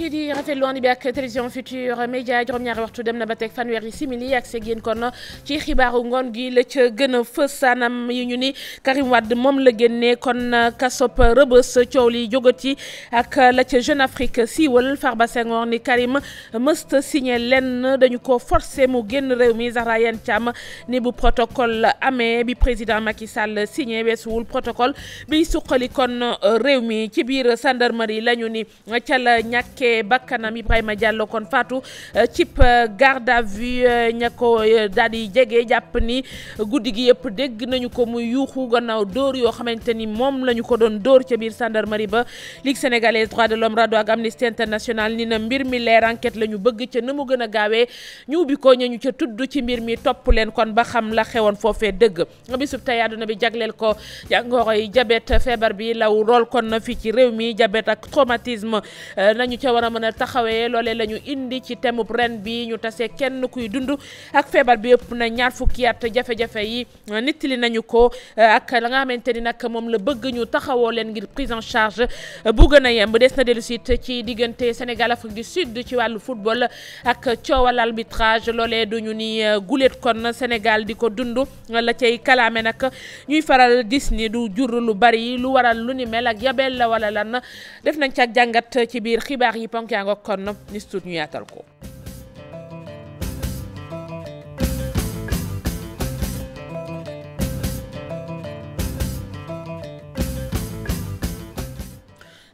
kii di rafetlu ànd bi ak télévision Futurs Médias juróom-ñaari waxtu dem na ba teg fanweeri simili ak seeg yéen kon ci xibaaru ngoon gi la ca gën a fës anam yi ñu ni Karim Wade moom la génnee kon kasop rëbës coow li jógat yi ak la ca Jeune Afrique siiwal Farba Senghor ni Karim mësta signé lenn dañu ko forcé mu génn réew mi Zahra Iyane Thiam ni bu protocole amee bi président Macky Sall signé weesuwul protocole bi suqali kon réew mi ci biir gendarmerie la ñu la ñàkkee bakkanam Ibrahima Diallo kon faatu euh, cib euh, garde à vue euh, ña ko daal jege jàpp ni guddi gi yëpp dégg nañu ko muy yuuxu gannaaw dóor yoo xamante ni moom la ko doon dóor ca biir gendarmerie ba Ligue sénégalaise droits de l'homme RADDHO ak Amnesty International ni na mbir mi leer enquête la ñu bëgg ca na mu gën a gaawee ñu ubbi ko ñu ca tudd ci mbir mi topp leen kon ba xam la xewoon foofee dëgg bisub tey àdduna bi jagleel ko jàngoro jabet feebar bi law war a mën a taxawee loolee la ñu indi ci thème ren bi ñu tase kenn kuy dund ak feebar bi yëpp na ñaar fukki jafe-jafe yi nittali nañu ko euh, ak la nga xamante ni nag moom la bëgg ñu taxawoo leen ngir prise en charge euh, bu na a yemb des na dellu sit ci diggante Sénégal Afrique du Sud ci wàllu football ak coowal arbitrage loolee du ñu ni euh, guléet kon Sénégal di ko dund la cay kalaame nag ñuy faral gis du jur lu bari lu waral lu ni mel ak yabel la wala lan def yi ponk yaa nga kon ni suut ñu yaatal ko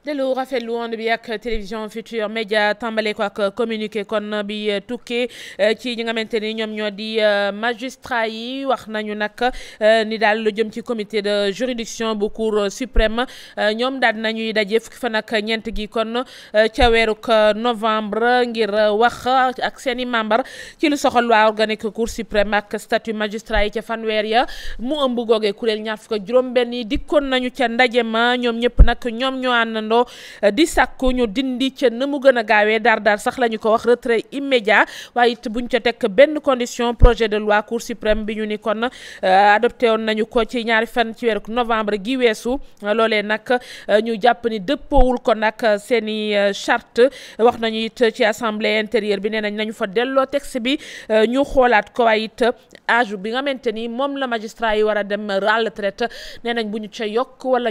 dellu rafetlu woon bi ak télévision Futur Média tàmbale ko ak communiqué kon bi euh, tukkee euh, ci ñi nga ni ñoom ñoo di euh, magistrat yi wax nañu nag ni daal lu jëm ci comité de juridiction bu cour suprême ñoom daal nañuy daje fukki fan ak ñeent gi kon ca weeruk novembre ngir wax ak seen i membre ci lu soxal loi organique cour suprême ak statut magistrat yi ca fanweer ya mu ëmb googee kuréel ñaar fukk juróom benn yi dikkoon nañu ca ndaje ma ñoom ñëpp nag àndandoo eh, di sàkku ñu dindi ca na mu gën a gaawee daar daar sax la ñu ko wax retrait immédiat waaye it buñ ca teg benn condition projet de loi cour suprême bi ñu ni kon eh, adopté woon nañu ko ci ñaari fan ci weeru novembre gi weesu loolee nag eh, ñu jàpp ni dëppoowul ko nag seen i charte wax nañu it ci assemblée intérieure bi nee nañ nañu fa delloo texte bi ñu xoolaat ko waaye it âge bi nga xamante ni moom la magistrat yi war a dem à la retraite nee nañ ca yokk wala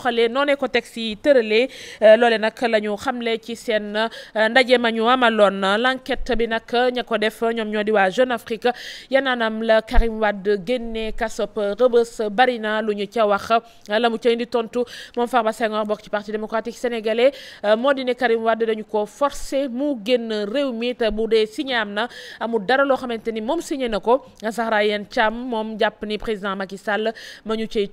doxalee noonee ko teg si tëralee euh, loole nag la ñu xamle ci seen euh, ndaje ma ñu amaloon l'enquête bi nag ña ko def ñoom ñoo di waa Jeune Afrique yanaanam la Karim Wade génnee kasop rëbës bari na lu ñu ca wax la mu ca indi tontu moom Farba Senghor bokk ci parti démocratique sénégalais euh, moo di ne Karim Wade dañu ko forcé mu génn réew mi te bu dee signé am na amul dara loo xamante ni moom signé na ko Zahra Iyane Thiam moom jàpp ni président Macky Sall ma ñu cay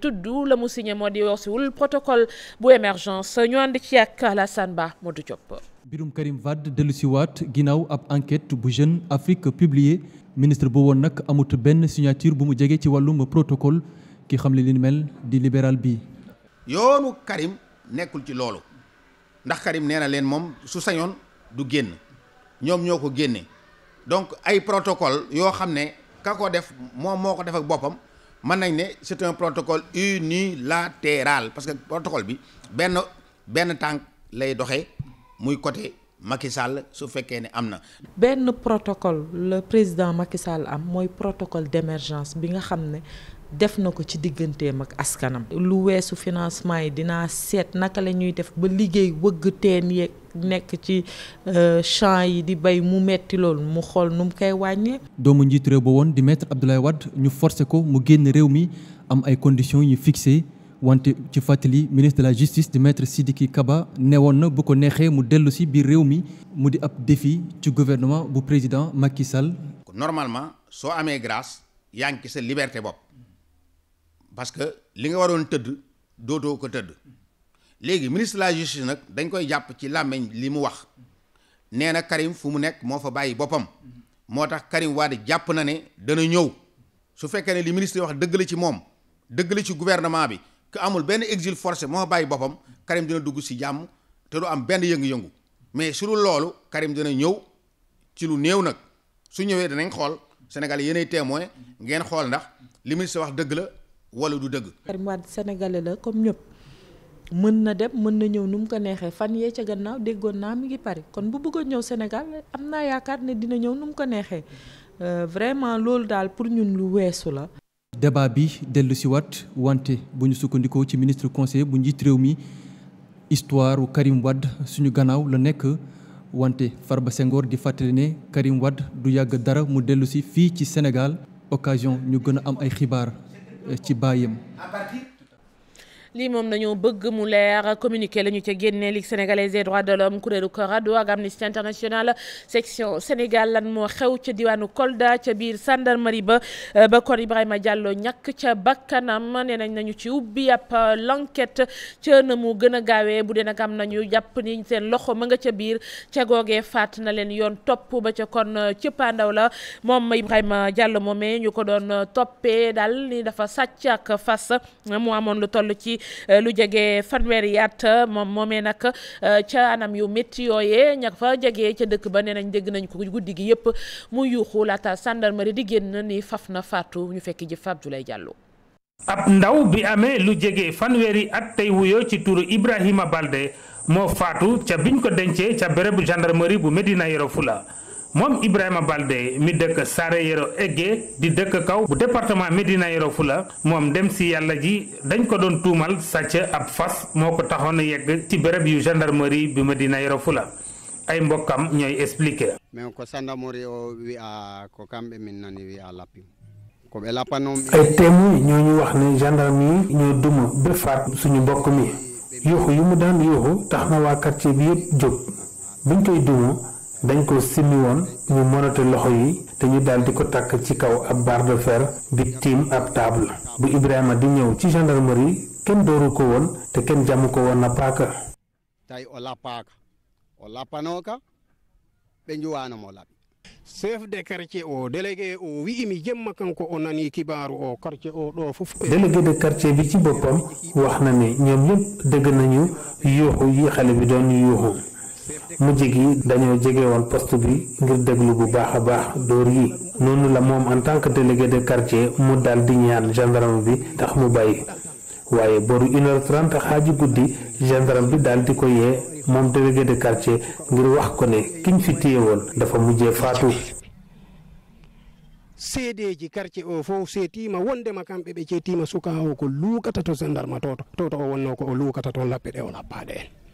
protocole bu émergence ñu ànd ci ak Alassane Ba Modou Diop. mbirum Karim Wade dellu si waat ginnaaw ab enquête bu Jeune Afrique publié ministre bu woon nag amut benn signature bu mu jege ci wàllum protocole ki xam li ni mel di libéral bi yoonu Karim nekkul ci loolu ndax Karim nee na leen moom su sañoon du génn ñoom ñoo ko génne donc ay protocole yoo xam ne ka ko def moom moo ko def ak boppam mën nañ ne c'est un protocole unilatéral parce que protocole bi benn benn tànk lay doxee muy côté Macky su fekkee ne am na. benn protocole le président Macky Sall am mooy protocole d'émergence bi nga xam ne. def na ko ci digganteem ak askanam. lu weesu financement yi dinaa seet naka la ñuy def ba liggéey wëgg teen yeeg nekk ci euh, champs yi di bay mu metti loolu mu xool nu mu koy wàññee. doomu njiitu réew ba woon di maître Abdoulaye Wade ñu forcé ko mu génn réew mi am ay conditions yu fixé wante ci fàttali ministre de la justice di maître Sidiki Kaba newoon na bu ko neexee mu dellu si biir réew mi mu di ab défi ci gouvernement bu président Macky Sall. normalement soo amee grâce yaa ngi ci sa liberté bopp. parce que li nga waroon tëdd dootoo ko tëdd léegi ministre la justice nag dañ koy jàpp ci làmmeñ li mu wax nee na Karim fu mu nekk moo fa bàyyi boppam moo tax Karim Wade jàpp na ne dana ñëw su fekkee ne li ministre wax dëgg la ci moom dëgg la ci gouvernement bi que amul benn exil forcé moo fa bàyyi boppam Karim dina dugg si jàmm te du am benn yëngu-yëngu mais su dul loolu Karim dana ñëw ci lu néew nag su ñëwee danañ xool Sénégal yéenay témoin ngeen xool ndax li ministre wax dëgg la wala du dëgg. Karim Wade la comme ñëpp mën na dem mën na ñëw nu mu ko neexee fan yee ca gannaaw déggoon naa mi ngi Paris kon bu bëggoon ñëw senegal am naa yaakaar ne dina ñëw nu mu ko neexee euh, vraiment loolu daal pour ñun lu weesu la. débat bi dellu si waat wante bu ñu sukkandikoo ci ministre conseiller bu njiit réew mi histoire wu Karim Wade suñu gannaaw la nekk wante Farba Senghor di fàttali ne Karim Wade du yàgg dara mu dellu si fii ci Sénégal occasion ñu gën a am ay xibaar. ci baayam lii moom dañoo bëgg mu leer communiqué la ñu ca génne Ligue sénégalaise des droits de l'homme kuréelu Corrado ak Amnesty International section Sénégal lan moo xew ca diwaanu Kolda ca biir gendarmerie ba euh, ba kon Ibrahima jàlloo ñàkk ca bakkanam nee nañ nañu ci ubbi yàpp euh, l'enquête ca na mu gën a gaawee bu dee nag am nañu jàpp ni seen loxo ma nga ca biir ca googe faat na leen yoon topp ba ca kon euh, cëppaandaw la moom Ibrahima Diallo moomee ñu ko doon toppee daal ni dafa sàcc ak Eh, lu jege fanweeri yaat moom moomee nag eh, ca anam yu métti yooyee ña fa jege ca dëkk ba nee nañ dégg nañ ko guddi gi yëpp mu yuuxu laata gendarmerie di génn ni faf na faatu ñu fekk ji Fap lay Jàllo ab ndaw bi amee lu jege fanweeri at tey wuyoo ci turu Ibrahima Balde moo faatu ca biñ ko dencee ca bérébu gendarmerie bu Medina Yoro Fula moom Ibrahima Balde mi dëkk Saare Yoro Egge di dëkk kaw bu département Médina Yoro la moom dem si yàlla ji dañ ko doon tuumal sàcc ab fas moo ko taxoon yegg ci béréb yu gendarmerie bi Médina fu la ay mbokkam ñooy expliqué. ay témoin ñoo ñu wax ne gendarme yi ñoo duma ba faat suñu mbokk mi yuuxu yu mu daan yuuxu tax na waa quartier bi yëpp jóg biñ koy duma dañ ko simmi woon ñu loxo yi te ñu daal di ko takk ci kaw ab barre de fer ab table bu Ibrahima di ñëw ci gendarmerie kenn dooru ko woon te kenn jàmm ko woon na paaka tay o lappaaka o lappanooka ɓe njuwaanamo laɓi chef de quartier o délégué de quartier bi ci boppam wax na ne ñoom ñëpp dégg nañu yuuxu yi xale bi doon yuuxu mujj gi dañoo jegewoon poste bi ngir déglu bu baax a baax dóor yi noonu la moom en tant que délégué de quartier mu dal di ñaan gendarme bi tax mu bàyyi waaye boru une heure trente guddi gendarme bi daal di ko yee moom délégué de quartier ngir wax ko ne kiñ fi téye woon dafa mujjee faatu seedeji quartier o fof seetima wondema kamɓe ɓe ceetima suka o ko luukata to gendarme toto toto o wonno ko o luukata toon lappe ɗe o lappaɗe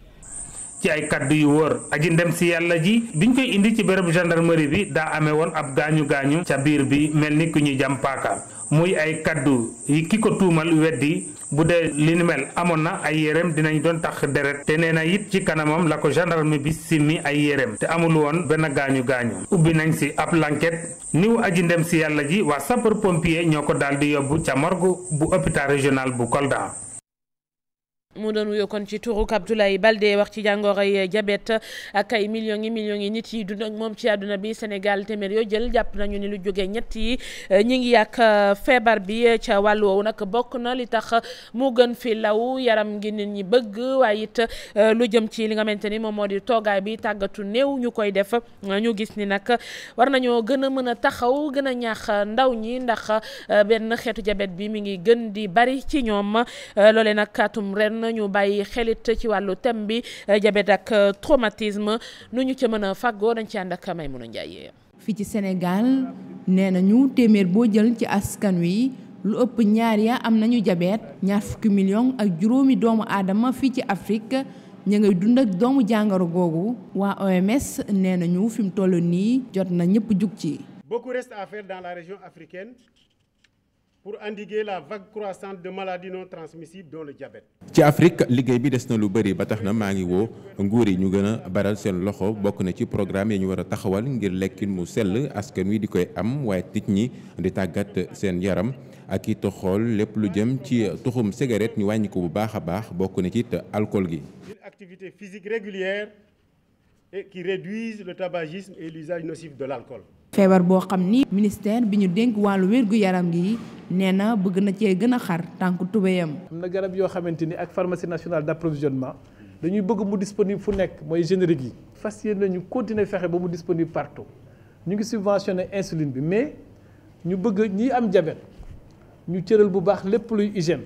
ci ay kaddu yu woor aji ndem si yàlla ji biñ koy indi ci bérébu gendarmerie bi daa amee woon ab gaañu gaañu ca biir bi mel ni ku ñu jam paaka muy ay kàddu yi ki ko tuumal weddi bu dee li nu mel amoon na ay yérem dinañ doon tax deret te nee na it ci kanamam la ko gendarme bi simmi ay yérem te amul woon benn gaañu gaañu ubbi nañ si ab lanket niw aji ndem si yàlla ji waa sapeur pompier ñoo ko daal di yóbbu ca morgue bu hôpital régional bu Kolda mu doon wuyoo kon ci turu Abdoulaye Baldé wax ci jàngoroy diabète ak ay million yi millions yi nit yi dund ak moom ci àdduna bi Sénégal téeméer yoo jël jàpp nañu ni lu jógee ñett yi eh, ñu ngi yàq eh, feebar bi ca wàllu woowu nag bokk na li tax mu gën fi law yaram ngi nit ñi bëgg waaye it eh, lu jëm ci li nga xamante ni moom moo di toogaay bi tàggatu néew ñu koy def ñu gis ni nag war nañoo gën a mën a taxaw gën a ñaax ndaw ñi ndax benn xeetu diabète bi mi ngi gën di bari ci ñoom loole nag atum ñu bàyyi xelit ci wàllu thème bi eh, diabète ak eh, traumatisme nu ñu ca mën a fàggoo dañ ci ànd ak Maimouna Ndiaye fii ci senegal nee ñu téeméer boo jël ci askan wi lu ëpp ñaar ya am nañu jabeet ñaar fukki million ak juróomi doomu aadama fii ci Afrique ña ngay dund ak doomu jàngoro googu waa OMS nee nañu fi mu toll nii jot na ñëpp jug ci. pour endiguer la vague croissante de maladies non transmissibles dont le diabète. ci Afrique liggéey bi des na lu bëri ba tax na maa ngi woo nguur yi ñu gën a baral seen loxo bokk na ci programme yi ñu war a taxawal ngir lekkin mu sell askan wi di koy am waaye nit ñi di tàggat seen yaram ak it xool lépp lu jëm ci tuxum cigarette ñu wàññiku bu baax a baax bokk na ci it alcool gi. une activité physique régulière et qui réduise le tabagisme et l'usage nocif de l'alcool. feebar boo xam ni ministère bi ñu dénk wàllu wér-gu-yaram gi nee na bëgg na cee gën a xar tànk tubéyam am na garab yoo xamante ni ak pharmacie nationale d'approvisionnement dañuy bëgg mu disponible fu nekk mooy générique yi fas yéene nañu continuer fexe ba mu disponible partout ñu ngi subventionné insuline bi mais ñu bëgg ñi am diabète ñu cëral bu baax lépp luy hygiène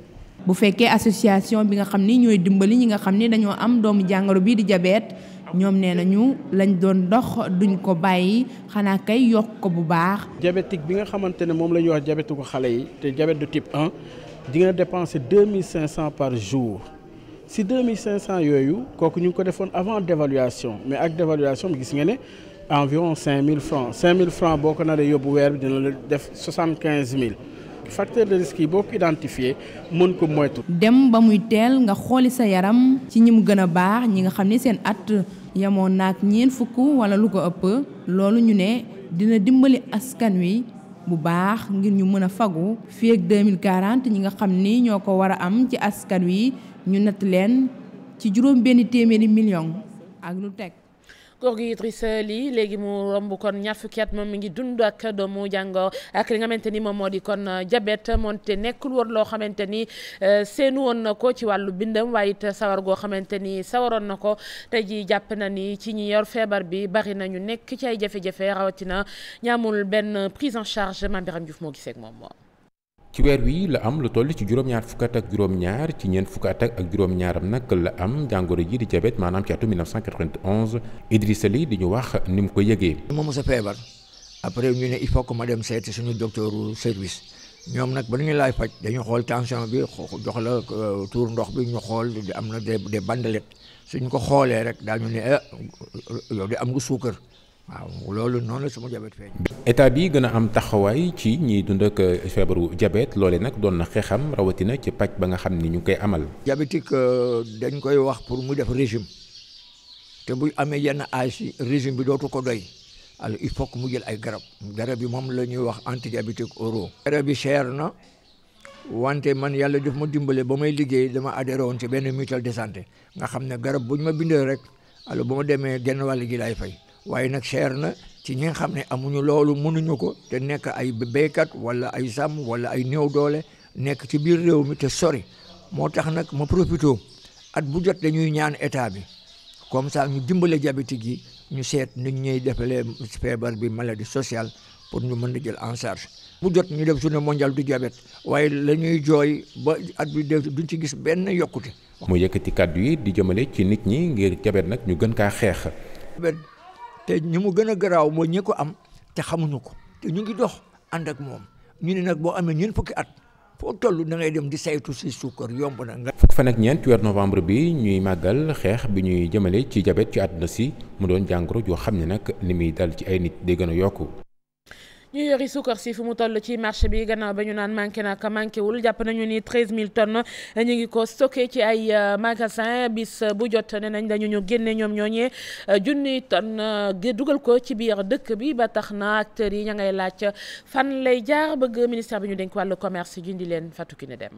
bu fekkee association bi nga xam ni ñooy dimbali ñi nga xam ni dañoo am doomu jàngoro bii di diabète ñoom nee nañu lañ doon dox duñ ko bàyyi xanaa kay yokk ko bu baax. diabétique bi nga xamante ne moom la ñuy wax diabète ko xale yi te diabète de type 1 di nga dépenser deux mille cinq cent par jour si deux mille cinq cent yooyu kooku ñu ngi ko defoon avant dévaluation mais ak dévaluation bi gis nga ne environ cinq mille francs cinq mille francs boo ko naree yóbbu weer bi dina la def soixante quinze mille. facteur de risque yi boo ko identifié mën ko moytu. dem ba muy teel nga xooli sa yaram ci ñi mu gën a baax ñi nga xam ne seen at yemoon naag ñeent fukk wala lu ko ëpp loolu ñu ne dina dimbali askan wi bu baax ngir ñu mën a fagu fii ak 2040 ñi nga xam ni ñoo ko war a am ci askan wi ñu natt leen ci juróom benn téeméeri million ak lu teg. góor gi lii léegi mu romb kon ñaar fukki at moom mi ngi dund ak doomu jàngoo ak li nga xamante ni moom moo di kon euh, jabet moonte nekkul woon loo xamante ni euh, seenu woon na ko ci wàllu bindam waaye it sawar goo xamante ni sawaroon na ko tey ji jàpp na ni ci ñi yor feebar bi bari nañu ñu nekk ci ay jafe-jafe rawatina ñaamul benn prise en charge Mame Birame Diouf moo giseek moom moom ci weer wi la am lu toll ci juróom-ñaar fukk at ak juróom-ñaar ci ñeent fukk at ak juróom-ñaaram nag la am jàngoro ji di diabète maanaam ci atum 1991 Idrissa Ly di ñu wax ni mu ko yëgee. ma mos a feebar après ñu ne il faut que ma dem seeti suñu docteuru service ñoom nag ba ñu laay faj dañu xool tension bi jox la euh, tour ndox bi ñu xool am na des des bandelettes suñ ko xoolee rek daañu ne ah yow de am nga suukar. waaw loolu noonu la sama jabet feeñ. état bi gën a am taxawaay ci ñiy dund ak eh, feebaru jabet loole nag doon na xeexam rawatina ci paj ba nga xam ni ñu koy amal. diabétique euh, dañ koy wax pour mu def régime te bu amee yenn âge yi régime bi dootu ko doy alors il faut que mu jël ay garab garab yi moom la ñuy wax antidiabétique oraux. garab yi cher na wante man yàlla def ma dimbale ba may liggéey dama adhéré woon ci benn mutuelle de santé nga xam ne garab bu ñu ma bindee rek alors bu demee genn wàll gi laay fay. waaye nag cher na ci ñi nga xam ne amuñu loolu mënuñu ko te nekk ay béykat wala ay sàmm wala ay néew doole nekk ci biir réew mi te sori moo tax nag ma profité at bu jot dañuy ñaan état bi comme ça ñu dimbale diabétique gi ñu seet nit ñuy defalee feebar bi maladie sociale pour ñu mën a jël en charge bu jot ñu def journée mondiale du diabète waaye la ñuy jooy ba at bi duñ ci gis benn yokkute. mu yëkkati kàddu yi di jëmale ci nit ñi ngir diabète nag ñu gën kaa xeex. te ñi mu gën a garaaw mooy ñi ko am te xamuñu ko te ñu ngi dox ànd ak moom ñu ni nag boo amee ñeent fukki at foo toll da ngay dem di saytu si suukar yomb na nga. fukki fan ak ñeent ci weer novembre bi ñuy màggal xeex bi ñuy jëmale ci jabet ci àdduna si mu doon jàngoro joo xam ne nag li muy dal ci ay nit day gën a yokku. ñu yori suukar si fu mu toll ci marché bi gannaaw ba ñu naan manqué na ka manqué wul jàpp nañu ni 13000 tonnes ñu ngi ko stocké ci ay euh, magasin bis bu jot ne nañ dañu ñu génne ñoom ñooñee euh, junni tonnes euh, dugal ko ci biir dëkk bi ba tax na acteurs yi ña ngay laaj fan lay jaar bëgg ministère bi ñu dénk wàllu commerce jindi leen ki ne Dem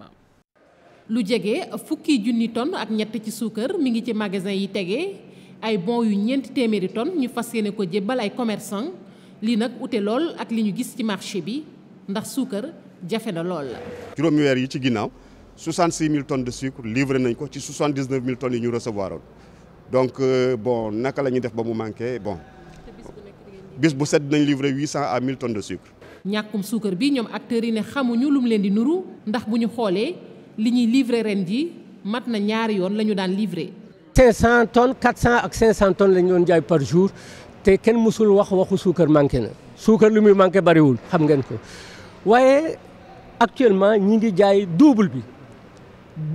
lu jege fukki junni tonnes ak ñett ci suukar mu ngi ci magasin yi tege ay bon yu ñeenti téeméeri tonnes ñu fas yéene ko jébbal ay commerçant lii nag ute lool ak li ñu gis ci marché bi ndax suukar jafe na lool la. juróomi weer yi ci ginnaaw mille tonnes de sucre livré nañ ko ci 79000 tonnes yi ñu recevoir woon donc euh, bon naka la ñuy def ba mu manqué bon bis bu set dinañ livré 800 à 1000 tonnes de sucre. ñàkkum suukar bi ñoom acteurs yi ne xamuñu lum leen di nuru ndax bu ñu xoolee li ñuy livré ren ji mat na ñaari yoon la ñu daan livré. 500 tonnes 400 ak 500 tonnes la ñu doon jaay par jour te kenn mësul wax waxu suukar manqué na suukar lu muy manqué bariwul xam ngeen ko waaye actuellement ñi ngi jaay double bi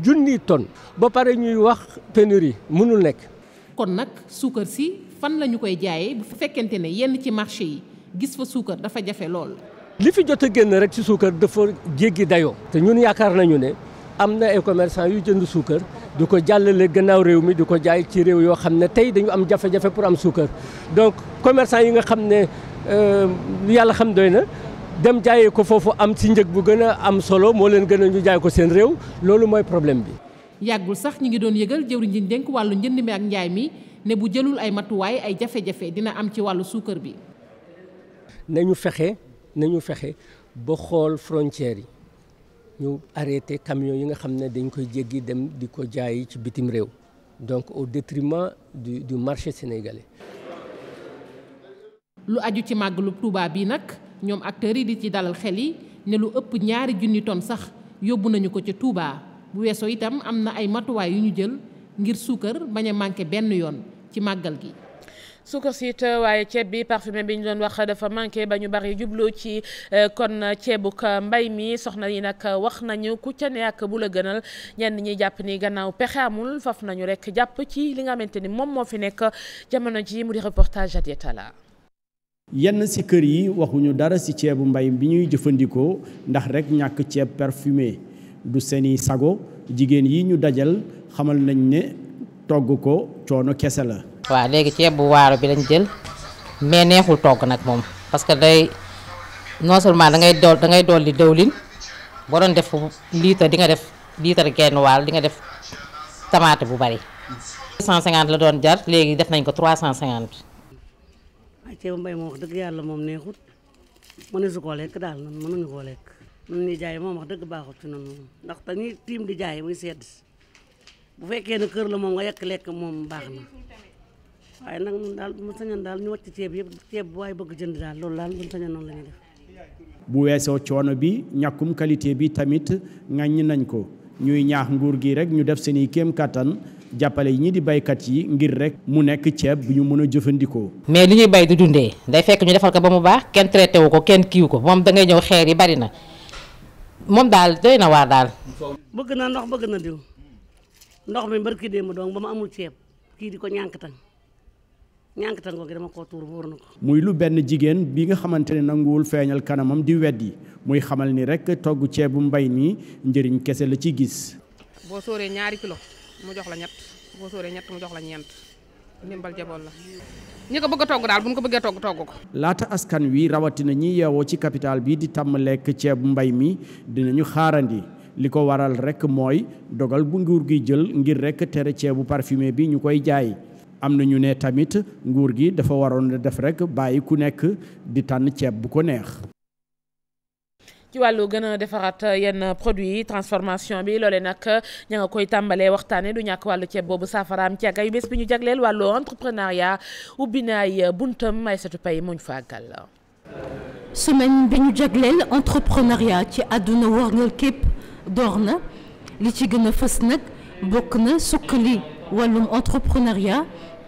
junni tonne ba pare ñuy wax yi mënul nekk. kon nag suukar si fan la ñu koy jaayee bu fekkente ne yenn ci marché yi gis fa suukar dafa jafe lool. li fi jot a génn rek ci suukar dafa jéggi dayoo. te ñun yaakaar nañu ne. am na ay commerçant yu jënd suukar di ko jàllale gannaaw réew mi du ko jaay ci réew yoo xam ne tey dañu am jafe-jafe pour am suukar donc commerçant yi nga xam ne euh, yàlla xam doy na dem jaayee ko foofu am ci njëg bu gën a am solo moo leen gën a ñu jaay ko seen réew loolu mooy problème bi. yàggul sax ñi ngi doon yëgal jëwriñ ji dénk wàllu njënd mi ak njaay mi ne bu jëlul ay matuwaay ay jafe-jafe dina am ci wàllu suukar bi. nañu fexe nañu fexe ba xool frontières yi. ñëw arrêté camions yi nga xam ne dañ koy jéggi dem di ko jaayi ci bitim réew donc au détriment du du marché sénégalais. lu aju ci màggalu Touba bii nag ñoom acteurs yi di ci dalal xel yi ne lu ëpp ñaari junni tonnes sax yóbbu nañu ko ca Touba bu weesoo itam am na ay matuwaay yu ñu jël ngir suukar bañ a manqué benn yoon ci màggal gi. suukar siit waaye ceeb bi parfumé bi ñu doon wax dafa manqué ba ñu bari jubloo ci euh, kon ceebuk mbay mi soxna yi nag wax nañu ku ca ne ak bu la gënal ñenn ñi jàpp ni gannaaw pexe amul faf nañu rek jàpp ci li nga xamante ni moom moo fi nekk jamono ji mu di reportage Adiatala yenn ci kër yi waxuñu dara ci ceebu mbay bi ñuy jëfandikoo ndax rek ñàkk ceeb parfumé du seeni sago jigéen yi ñu dajal xamal nañ ne togg ko coono kese la waaw léegi ceeb bu waalo bi lañ jël mais neexul togg nag moom parce que day non seulement da ngay dool da ngay li dëwlin boo doon def litre di nga def litre genn waal di nga def tamaate bu bari 150 la doon jar léegi def nañ ko 350. waaye ceebu mbay moom wax dëgg yàlla moom neexul neexut mënu su koo lekk daal noonu mënuñu koo lekk ñun ñuy jaay moom wax dëgg baaxul ci noonu moom ndax dañuy tiim di jaay muy sedd bu fekkee ne kër la moom nga yekk lekk moom baax na waaye nag mun daal mun sañoon daal ñu wàcc ceeb yëpp ceeb bu waaye bëgg jënd daal loolu daal mun sañoon noonu def bu weesoo coono bi ñàkkum qualité bi tamit ŋàññ nañ ko ñuy ñaax nguur gi rek ñu def seeni kéem kattan jàppale yi ñi di baykat yi ngir rek mu nekk ceeb bu ñu mën a jëfandikoo. mais li ñuy bay di dundee day fekk ñu defal ko ba mu baax kenn traité wu ko kenn kiiw ko moom da ngay ñëw xeer yi bari na moom daal doy na waa daal. bëgg na ndox bëgg na diw ndox mi barki démb doon ba ma amul ceeb kii di ko ñànkatan ñànk tàngoor gi dama koo tuur muy lu benn jigéen bi nga xamante ne nanguwul feeñal kanamam di yi muy xamal ni rek togg ceebu mbay mi njëriñ kese la ci gis. boo sóoree ñaari kilo mu jox la ñett boo sóoree ñett mu jox la ñeent ndimbal jabool la. ñi ko bëgg a togg daal bu ñu ko bëggee togg togg ko. laata askan wi rawatina ñi yeewoo ci capital bi di tàmm lekk ceebu mbay mi dina ñu xaarandi. li ko waral rek mooy dogal bu nguur gi jël ngir rek tere ceebu parfumé bi ñu koy jaay am na ñu ne tamit nguur gi dafa waroon def rek bàyyi ku nekk di tànn ceeb bu ko neex. ci wàllu gëna a defaraat yenn produit yi transformation bi loole nag ña nga koy tàmbalee waxtaane du ñàkk wàllu ceeb boobu saafaraam ci ak ay bés bi ñu jagleel wàllu entrepreneuriat ubbi naay buntam Aïssatou Paye muñ fa àggal semaine bi ñu jagleel entrepreneuriat ci àdduna wërngal képp door na li ci gën a nag bokk na sukkali wàllum entrepreneuriat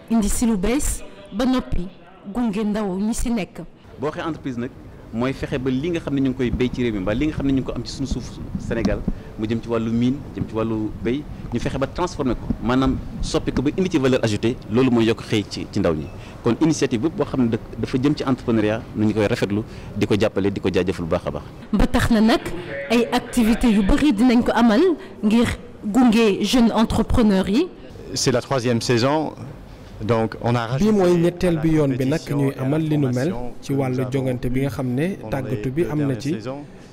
indi si lu bees ba noppi gunge ndaw ñu si nekk. boo waxee entreprise nag mooy fexe ba li nga xam ne ñu ngi koy béy ci réew mi mbaa li nga xam ne ñu ngi ko am ci suñu suuf Sénégal mu jëm ci wàllu mine jëm ci wàllu béy ñu fexe ba transformé ko maanaam soppi ko ba indi ci valeur ajoutée loolu mooy yokk xëy ci ci ndaw ñi. kon initiative bi boo xam ne dafa jëm ci entrepreneuriat nu ñu koy rafetlu di ko jàppale di ko jaajëfal lu baax a baax. ba tax na nag ay activités yu bëri dinañ ko amal ngir gunge jeunes entrepreneurs yi. c'est la troisième saison. donc on a rajouté bii mooy ñetteel bi yoon bi nag ñuy amal li nu mel ci wàllu jongante bi nga xam ne tàggatu bi am na ci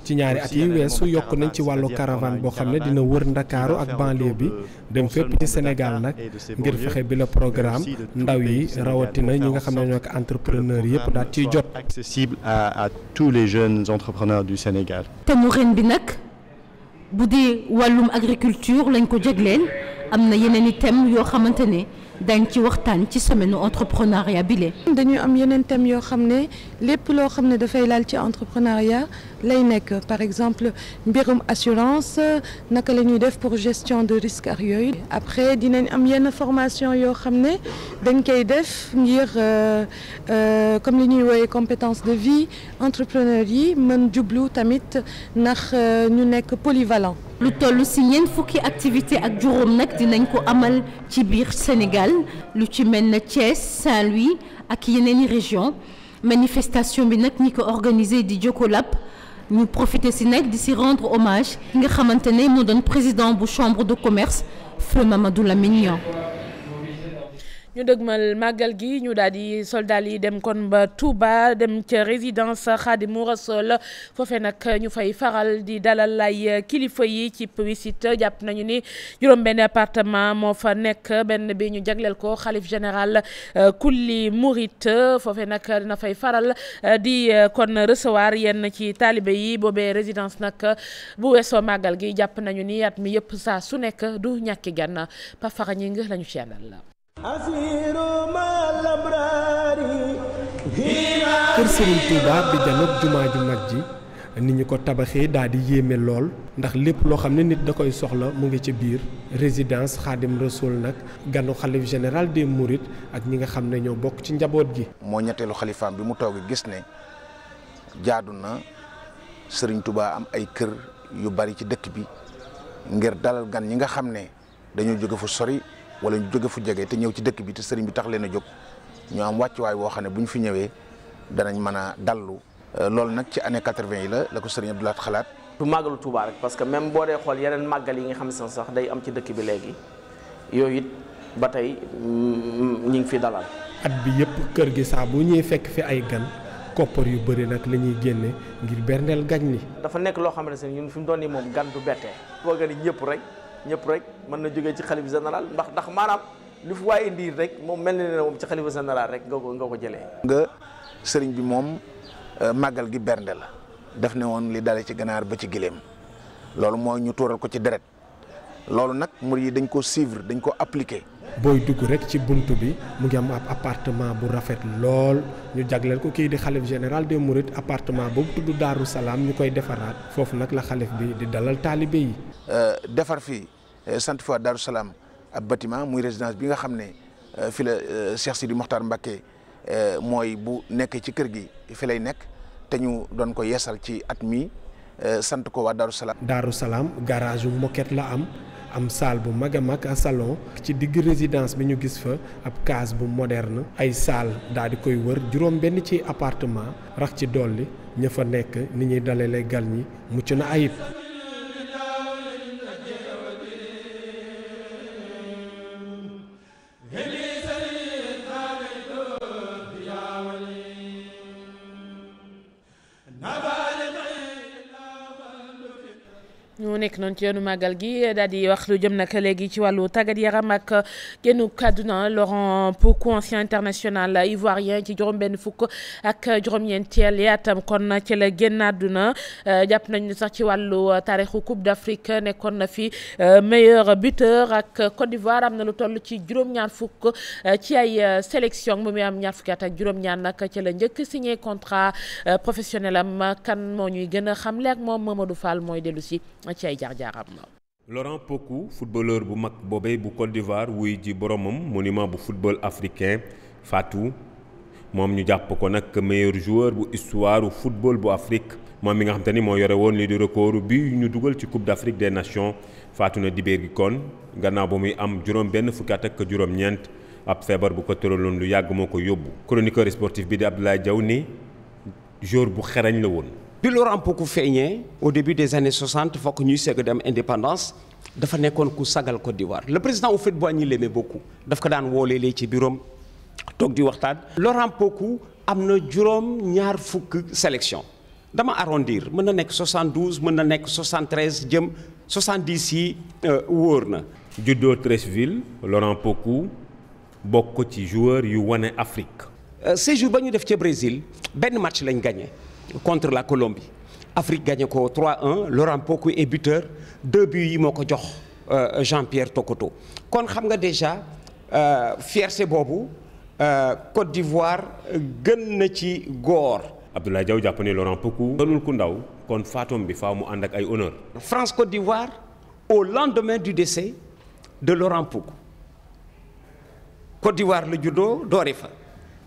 ci ñaari at yi weesu yokk nañ ci wàllu caravane boo xam ne dina wër ndakaaru ak banlieue bi dem fépp ci Sénégal nag ngir fexe bi la programme ndaw yi rawatina ñu nga xam ne ñoo ko entrepreneur yëpp daal ci jot. accessible à à tous les jeunes entrepreneurs du Sénégal. thème ren bi nag bu dee wàllum agriculture lañ ko jagleel am na yeneen i yoo xamante ne. dañ ci waxtaan ci semaine entrepreneuriat bi lee dañuy am yeneen thèmes yoo xam ne lépp loo xam ne dafay laal ci entrepreneuriat lay nekk par exemple mbirum assurance naka la ñuy def pour gestion de risque ak yooyu après dinañ am yenn formation yoo xam ne dañ koy def ngir euh, euh, comme li ñuy wooyee compétence de vie entrepreneur yi mën jublu tamit ndax euh, ñu nekk polyvalent lu toll si ñeent fukki activité ak juróom nag dinañ ko amal ci biir Sénégal lu ci mel na Thiès Saint-Louis ak yeneen i région manifestation bi nag ñi ko organisé di Jokolab ñu profité si nag di si rendre hommage ki nga xamante ne moo doon président bu chambre de commerce feu Mamadou Lamine ñu dëgmal màggal gi ñu daal di soldat yi dem kon ba Touba dem ca résidence Khadimou Rassoul foofe nag ñu fay faral di dalal ay kilifa yi ci visite jàpp nañu ni juróom-benn appartement moo fa nekk benn bi ñu jagleel ko xalif général euh, kulli murit foofe nag dina fay faral euh, di euh, kon recevoir yenn ci taalibe yi boobee résidence nag bu weesoo màggal gi jàpp nañu ni yaat mi yëpp saa su nekk du ñàkki gan Pape Faxa Gningue lañu ñu ci àndal la kër Serigne Touba bi janook jumaa ju mag ji ni ñu ko tabaxee daal di yéeme lool ndax lépp loo xam ne nit da koy soxla mu ngi ci biir résidence xaadim rasoul nag ganu xalif général des murit ak ñi nga xam ne ñoo bokk ci njaboot gi. moo ñetteelu xalifaam bi mu toog gis ne jaadu na sëriñ Touba am ay kër yu bari ci dëkk bi ngir dalal gan ñi nga xam ne dañoo jóge fu sori. wala ñu jóge fu jege te ñëw ci dëkk bi te sëriñ bi tax leen a jóg ñu am wàccuwaay woo xam ne bu ñu fi ñëwee danañ mën a dallu. Euh, loolu nag ci année quatre-vingt yi la la ko sëriñ Abdou Lahad xalaat. du màggalu Touba rek parce que même boo dee xool yeneen màggal yi nga xam ne sax day am ci dëkk bi léegi yooyu it ba tey mm, ñu ngi fi dalal. at bi yëpp kër gi saa bu ñuy fekk fi ay gan. koppar yu bëri nag la ñuy génne ngir berndeel gañ ni dafa nekk loo xamante ne ñun fi mu doon nii moom gan du bettee. boo ñëpp rek. ñëpp rek mën na jógee ci xalif général ndax ndax maanaam lu fi waaye ndiir rek moom mel na ne moom ci xalifa général rek nga ko nga ko jëlee. nga sëriñ bi moom euh, màggal gi bernde la def ne woon li dale ci ganaar ba ci gileem loolu mooy ñu tuural ko ci deret loolu nag mur yi dañ ko suivre dañ ko appliquer booy dugg rek ci bunt bi mu ngi am ab appartement bu rafet lool ñu jagleel ko kii di xalif général des mourides appartement boobu tudd Daaru Salaam ñu koy defaraat foofu nag la xalif bi di dalal taalibe yi. Euh, defar fii euh, sant fois Daaru Salaam ab batiment muy résidence bi nga xam ne euh, fi la Cheikh Sidi Mokhtar Mbacké mooy bu nekkee ci kër gi fi lay nekk te ñu doon ko yeesal ci at mi sant ko waa Daaru Salaam. Daaru Salaam garage moquette la am. am salle bu mag a mag a salon ci digg résidence bi ñu gis fa ab case bu moderne ay salle daal di koy wër juróom benn ci appartement rax ci dolli ña fa nekk ni ñuy dalalee gal ñi mucc na ayib nekk noonu ci yoonu màggal gi daal di wax lu jëm nag léegi ci wàllu tàggat yaram ak génnu kàdduna Laurent Pocou ancien international ivoirien ci juróom-benn fukk ak juróom-ñeenteel yaatam kon ci la génn àdduna jàpp nañu sax ci wàllu taarixu Coupe d'Afrique nekkoon na fi euh, meilleur buteur ak Côte d'Ivoire na lu toll ci juróom-ñaar fukk euh, ci ay euh, sélection bu muy am ñaar fukki at ak juróom-ñaar nag ci la njëkk signé contrat professionnel am kan moo ñuy gën a xamle ak moom Mamadou Fall mooy dellusi ay jaar la Laurent Pokou footballeur bu mag boobee bu Côte d'Ivoire wuy ji boromam monument bu football africain Fatou moom ñu jàpp ko nag meilleur joueur bu histoire football bu Afrique moom mi nga xam te ni moo yore woon lii di record bi ñu dugal ci coupe d' Afrique des nations faatu na dibéer gi kon gannaaw ba muy am juróom benn fukki at ab feebar bu ko tëraloon lu yàgg moo ko yóbbu. chroniqueur sportif bi di Abdoulaye Diaw ni joueur bu xerañ la woon. bi Laurent Pocou feeñee au début des années 60 fokk ñuy segg dem indépendance dafa nekkoon ku sagal Côte d'Ivoire le président Houphouët-Boigny l'aimait bokku daf ko daan woo léeg ci bureau toog di waxtaan. Laurent Pocou am na juróom ñaar fukk sélection dama arrondir mën na nekk 72 mën na nekk 73 jëm 70 yi euh, wóor na. juddoo Treichville Laurent pooku bokk ko ci joueur yu wane Afrique. Euh, séjour ba ñu def ca Brésil benn match lañ gagné. contre la Colombie Afrique gagné ko trois 1 Laurent Poko est buteur deux buts yi moo ko jox euh, Jean-Pierre Tokoto kon xam nga déjà euh, fierté boobu euh, Côte d'Ivoire gën na ci góor. Abdoulaye Diaw jàpp ne Laurent Poko. gënul ku ndaw kon faatom bi fa mu ànd ak ay honneur. France Côte d'Ivoire au lendemain du décès de Laurent Poko Côte d'Ivoire la juddoo doore fa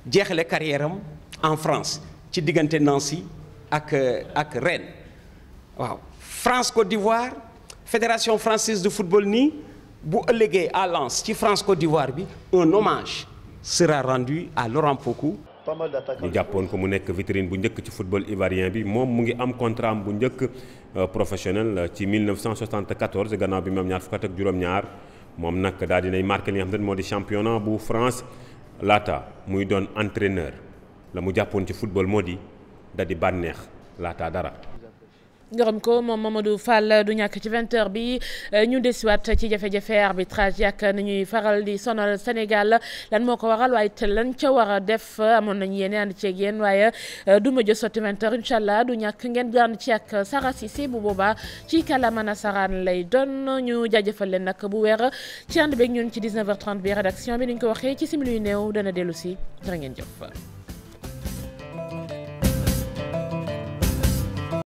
jeexale carrière en France. ci diggante Nancy ak euh, ak Rennes waaw France Côte d'Ivoire fédération française de football nii bu ëllëgee à Lens ci France Côte d'Ivoire bi un hommage sera rendu à Laurent Pokou. ñu jàppoon ko mu nekk vitrine bu njëkk ci football ivoirien bi moom mu ngi am contrat bu njëkk euh, professionnel euh, ci 1974 gannaaw bi moom ñaar fukk ak juróom-ñaar moom nag daal dinay marqué li nga xam ne moo di championnat bu France laata muy doon entraîneur. la mu jàppoon ci football moo di da di bànneex laata dara. gërëm ko moom Mamadou Fall du ñàkk ci 20h bi euh, ñu desiwaat ci jafe-jafe arbitrage yàq nañuy faral di sonal Sénégal lan moo ko waral waaye te lan ca war a def amoon nañu yéen ànd ceeg yéen waaye euh, du ma sotti 20h incha allah du ñàkk ngeen daan ci ak Sara Cissé bu boobaa ci kalamana saraan lay doon ñu jaajëfal leen nag bu weer ci ànd beeg ñun ci 19h30 bi rédaction bi ni ko waxe ci simili yu néew dana dellu si jërë ngeen jëf.